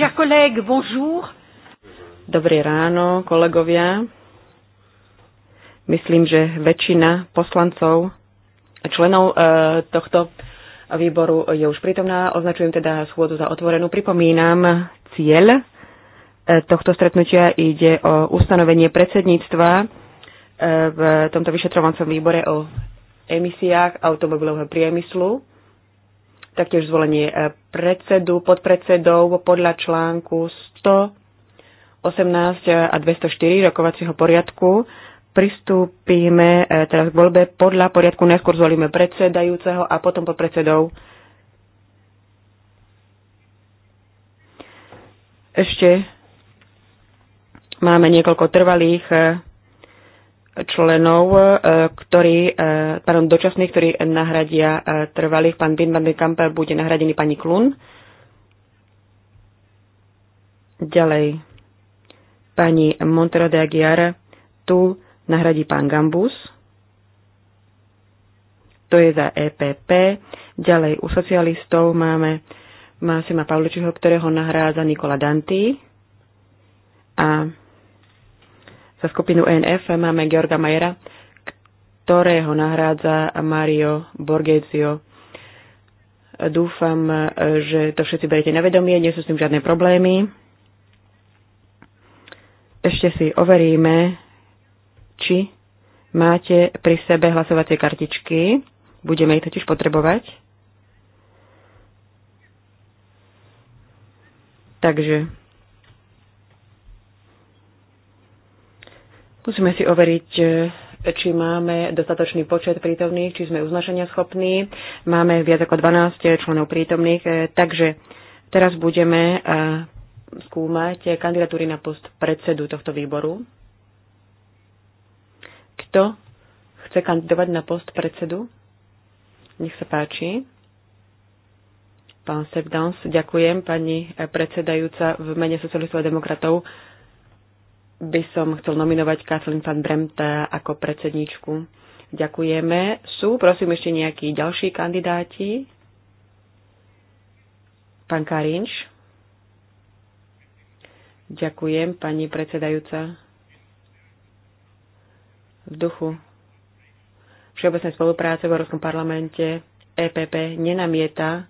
Chers collègues, bonjour. Dobré ráno, kolegovia. Myslím, že väčšina poslancov a členov e, tohto výboru je už prítomná. Označujem teda schôdu za otvorenú. Pripomínam cieľ e, tohto stretnutia. Ide o ustanovenie predsedníctva e, v tomto vyšetrovacom výbore o emisiách automobilového priemyslu taktiež zvolenie e, predsedu, podpredsedov podľa článku 118 a 204 rokovacieho poriadku. Pristúpime e, teraz k voľbe podľa poriadku. Najskôr zvolíme predsedajúceho a potom podpredsedov. Ešte máme niekoľko trvalých e, členov, e, ktorí, e, pardon, dočasných, ktorí nahradia e, trvalých. Pán Bin Kamper bude nahradený pani Klun. Ďalej. Pani Montero de Aguiar tu nahradí pán Gambus. To je za EPP. Ďalej u socialistov máme Masima Pavličiho, ktorého nahrádza Nikola Danti. A za skupinu e NF máme Georga Majera, ktorého nahrádza Mario Borgezio. Dúfam, že to všetci berete na vedomie, nie sú s tým žiadne problémy. Ešte si overíme, či máte pri sebe hlasovacie kartičky. Budeme ich totiž potrebovať. Takže Musíme si overiť, e, či máme dostatočný počet prítomných, či sme uznašania schopní. Máme viac ako 12 e, členov prítomných, e, takže teraz budeme skúmať kandidatúry na post predsedu tohto výboru. Kto chce kandidovať na post predsedu? Nech sa páči. Pán Sevdans, ďakujem, pani predsedajúca, v mene socialistov a demokratov by som chcel nominovať Kathleen van Bremta ako predsedničku. Ďakujeme. Sú, prosím, ešte nejakí ďalší kandidáti? Pán Karinč. Ďakujem, pani predsedajúca. V duchu všeobecnej spolupráce v Európskom parlamente EPP nenamieta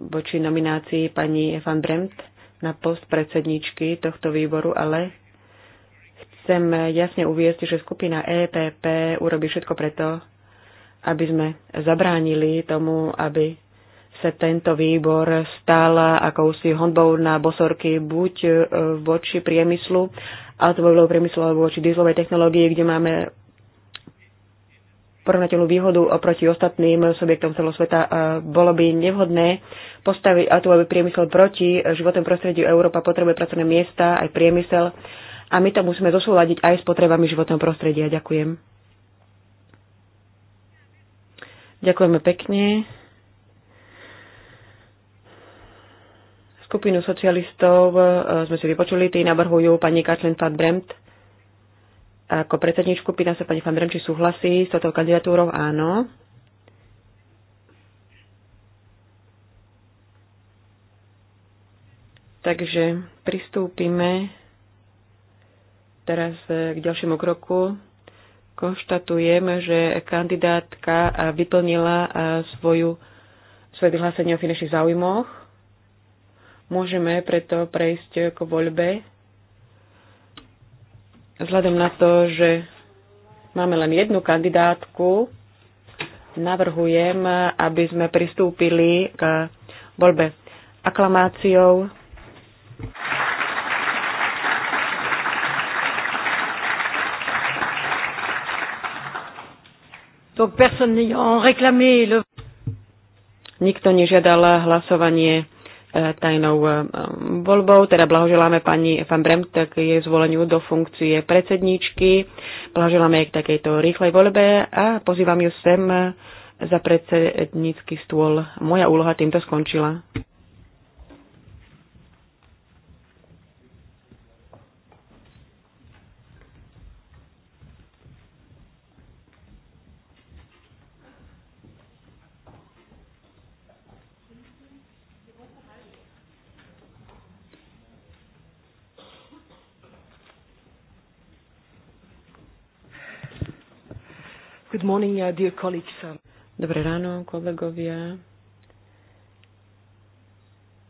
voči nominácii pani Van Bremt na post predsedničky tohto výboru, ale Chcem jasne uviesť, že skupina EPP urobí všetko preto, aby sme zabránili tomu, aby sa tento výbor stal akousi honbou na bosorky buď e, voči priemyslu, automobilového priemyslu alebo voči dieselovej technológii, kde máme porovnateľnú výhodu oproti ostatným subjektom celého sveta. E, bolo by nevhodné postaviť automobilový priemysel proti životnému prostrediu. Európa potrebuje pracovné miesta, aj priemysel a my to musíme zosúľadiť aj s potrebami životného prostredia. Ďakujem. Ďakujeme pekne. Skupinu socialistov e, sme si vypočuli, tí navrhujú pani Katlin van Bremt ako predsedničku. skupina sa pani van Bremt, či súhlasí s touto kandidatúrou. Áno. Takže pristúpime Teraz e, k ďalšiemu kroku. Konštatujem, že kandidátka e, vyplnila e, svoju, svoje vyhlásenie o finančných záujmoch. Môžeme preto prejsť k voľbe. Vzhľadom na to, že máme len jednu kandidátku, navrhujem, aby sme pristúpili k voľbe aklamáciou. Donc personne n'ayant réclamé le... Nikto nežiadal hlasovanie eh, tajnou eh, voľbou. Teda blahoželáme pani Van Bremt k jej zvoleniu do funkcie predsedníčky. Blahoželáme jej k takejto rýchlej voľbe a pozývam ju sem za predsednícky stôl. Moja úloha týmto skončila. Good morning, uh, dear colleagues. Um, Dobré ráno, kolegovia.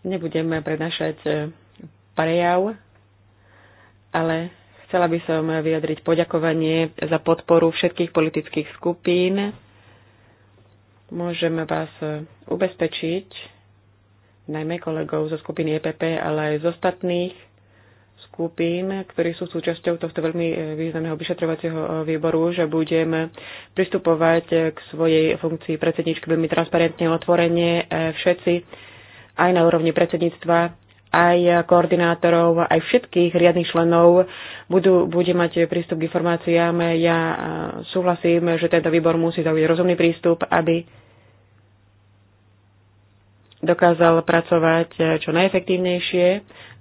Nebudeme prednášať e, prejav, ale chcela by som vyjadriť poďakovanie za podporu všetkých politických skupín. Môžeme vás e, ubezpečiť, najmä kolegov zo skupiny EPP, ale aj z ostatných, skupín, ktorí sú súčasťou tohto veľmi e, významného vyšetrovacieho e, výboru, že budem e, pristupovať k svojej funkcii predsedničky veľmi transparentne, otvorene všetci, aj na úrovni predsedníctva, aj koordinátorov, aj všetkých riadnych členov budú, bude mať prístup k informáciám. Ja súhlasím, že tento výbor musí zaujať rozumný prístup, aby dokázal pracovať eh, čo najefektívnejšie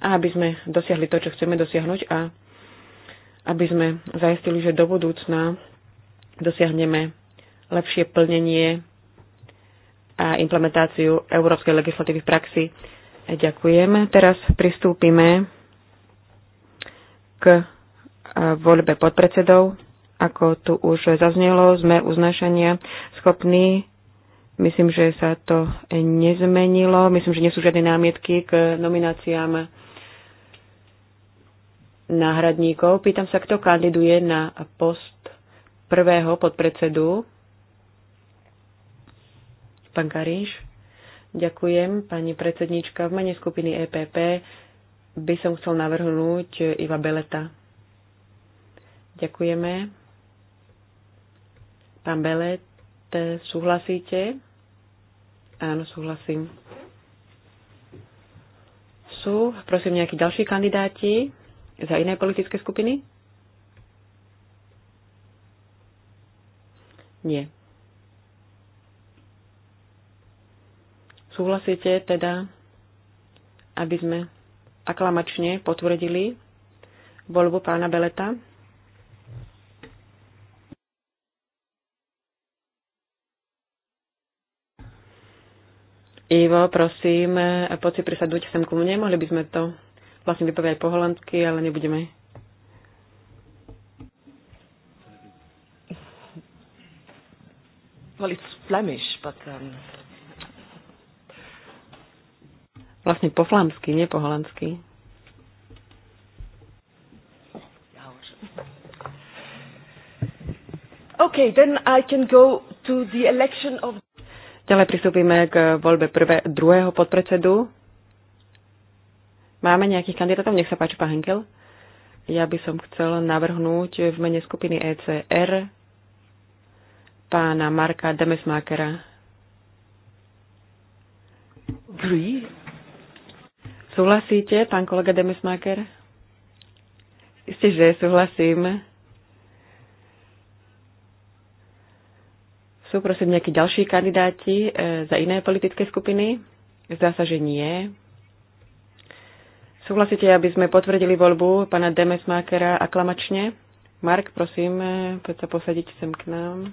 a aby sme dosiahli to, čo chceme dosiahnuť a aby sme zajistili, že do budúcna dosiahneme lepšie plnenie a implementáciu európskej legislatívy v praxi. Ďakujem. Teraz pristúpime k eh, voľbe podpredsedov. Ako tu už zaznelo, sme uznášania schopní Myslím, že sa to nezmenilo. Myslím, že nie sú žiadne námietky k nomináciám náhradníkov. Pýtam sa, kto kandiduje na post prvého podpredsedu. Pán Karíš. Ďakujem, pani predsedníčka. V mene skupiny EPP by som chcel navrhnúť Iva Beleta. Ďakujeme. Pán Belet, súhlasíte? Áno, súhlasím. Sú, prosím, nejakí ďalší kandidáti za iné politické skupiny? Nie. Súhlasíte teda, aby sme aklamačne potvrdili voľbu pána Beleta? Ivo, prosím, poď si prisadnúť sem ku mne. Mohli by sme to vlastne vypovedať po holandsky, ale nebudeme. Well, it's Flemish, but... Um... Vlastne po flamsky, nie po holandsky. Okay, then I can go to the election of... Ďalej pristúpime k voľbe prvé, druhého podpredsedu. Máme nejakých kandidátov? Nech sa páči, pán Henkel. Ja by som chcel navrhnúť v mene skupiny ECR pána Marka Demesmákera. Súhlasíte, pán kolega Demesmáker? Isté, že súhlasím. Sú prosím nejakí ďalší kandidáti e, za iné politické skupiny? Zdá sa, že nie. Súhlasíte, aby sme potvrdili voľbu pana Demesmakera aklamačne? Mark, prosím, e, poď sa posadiť sem k nám.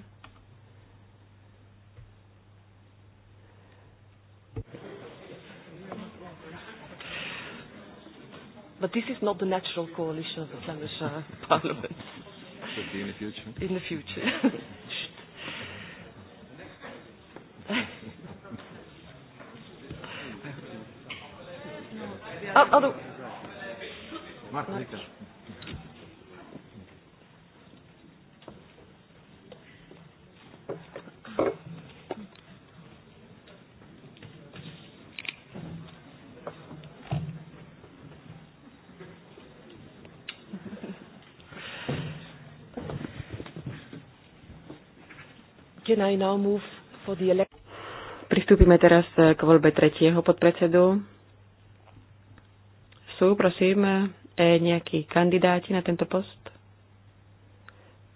But this is not the natural coalition of the Flemish uh, parliament. In the future. In the future. Other... Can I now move for the Pristúpime teraz eh, k voľbe tretieho podpredsedu sú, prosím, e, nejakí kandidáti na tento post?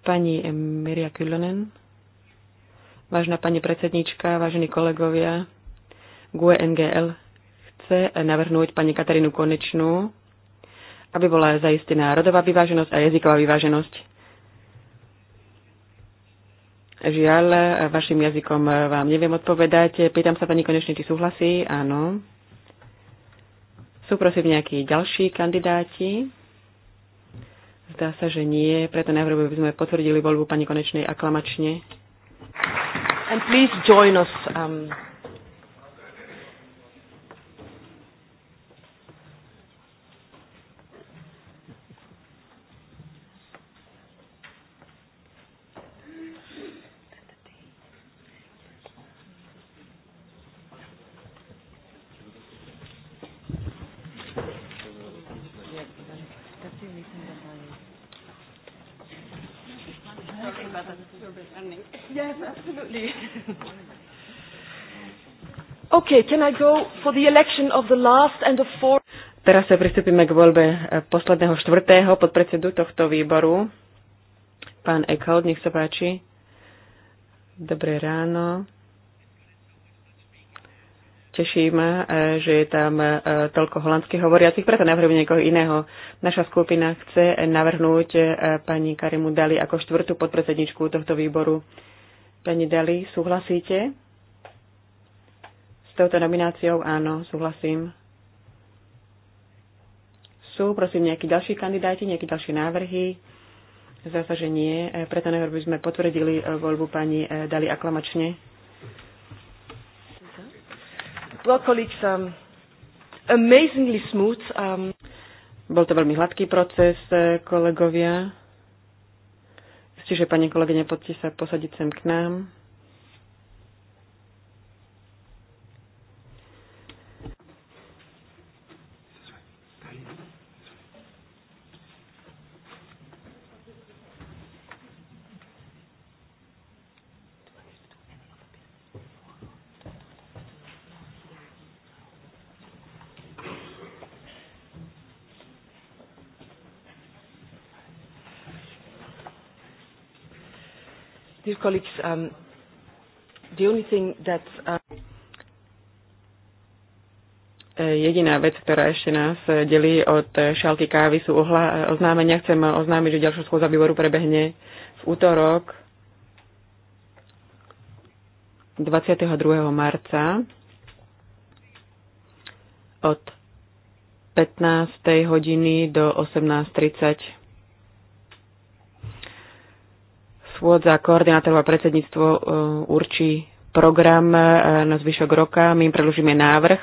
Pani Miria Kylonen, vážna pani predsednička, vážení kolegovia, GUNGL chce navrhnúť pani Katarínu Konečnú, aby bola zaistená rodová vyváženosť a jazyková vyváženosť. Žiaľ, vašim jazykom vám neviem odpovedať. Pýtam sa pani konečne, či súhlasí. Áno. Sú prosím nejakí ďalší kandidáti? Zdá sa, že nie, preto navrhujem, aby sme potvrdili voľbu pani Konečnej aklamačne. And please join us um, Yes, absolutely. okay, can I go for the election of the last and the fourth? Teraz sa pristúpime k voľbe eh, posledného štvrtého podpredsedu tohto výboru. Pán Eckhout, nech sa páči. Dobré ráno. Teší ma, eh, že je tam eh, toľko holandských hovoriacich, preto navrhujem niekoho iného. Naša skupina chce navrhnúť pani Karimu Dali ako štvrtú podpredsedničku tohto výboru. Pani Dali, súhlasíte? S touto nomináciou áno, súhlasím. Sú, prosím, nejakí ďalší kandidáti, nejaké ďalšie návrhy? Zdá sa, že nie. E, preto najprv by sme potvrdili e, voľbu pani e, Dali aklamačne. Well, colleagues, um, amazingly smooth. Um... Bol to veľmi hladký proces, kolegovia. Čiže, pani kolegyne, poďte sa posadiť sem k nám. Dear colleagues, um, the only thing that... Um, Jediná vec, ktorá ešte nás eh, delí od eh, šalky kávy sú ohla- oznámenia. Chcem oznámiť, že ďalšiu schôdza výboru prebehne v útorok 22. marca od 15. hodiny do 18.30. schôdza koordinátorov a predsedníctvo e, určí program e, na zvyšok roka. My im predložíme návrh.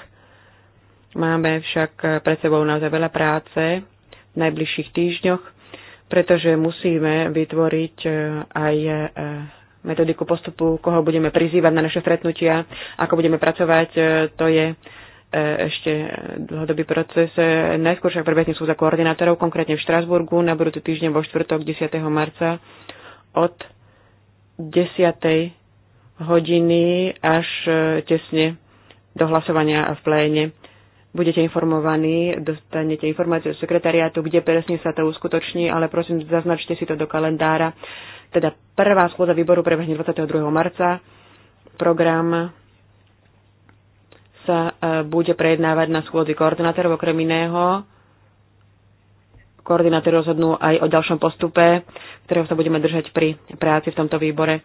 Máme však pred sebou naozaj veľa práce v najbližších týždňoch, pretože musíme vytvoriť e, aj metodiku postupu, koho budeme prizývať na naše stretnutia, ako budeme pracovať. To je ešte dlhodobý proces. Najskôr však prebehne sú za koordinátorov, konkrétne v Štrasburgu na budúci týždeň vo štvrtok 10. marca od 10. hodiny až e, tesne do hlasovania v pléne. Budete informovaní, dostanete informáciu od sekretariátu, kde presne sa to uskutoční, ale prosím, zaznačte si to do kalendára. Teda prvá schôdza výboru prebehne 22. marca. Program sa e, bude prejednávať na schôdzi koordinátorov okrem iného koordinátori rozhodnú aj o ďalšom postupe, ktorého sa budeme držať pri práci v tomto výbore.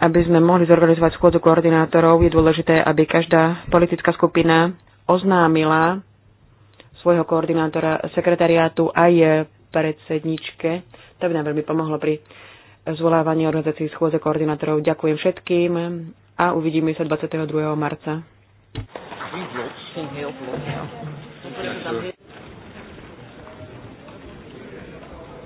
Aby sme mohli zorganizovať schôdzu koordinátorov, je dôležité, aby každá politická skupina oznámila svojho koordinátora sekretariátu aj predsedničke. To by nám veľmi pomohlo pri zvolávanie organizácií schôdze koordinátorov. Ďakujem všetkým a uvidíme sa 22. marca.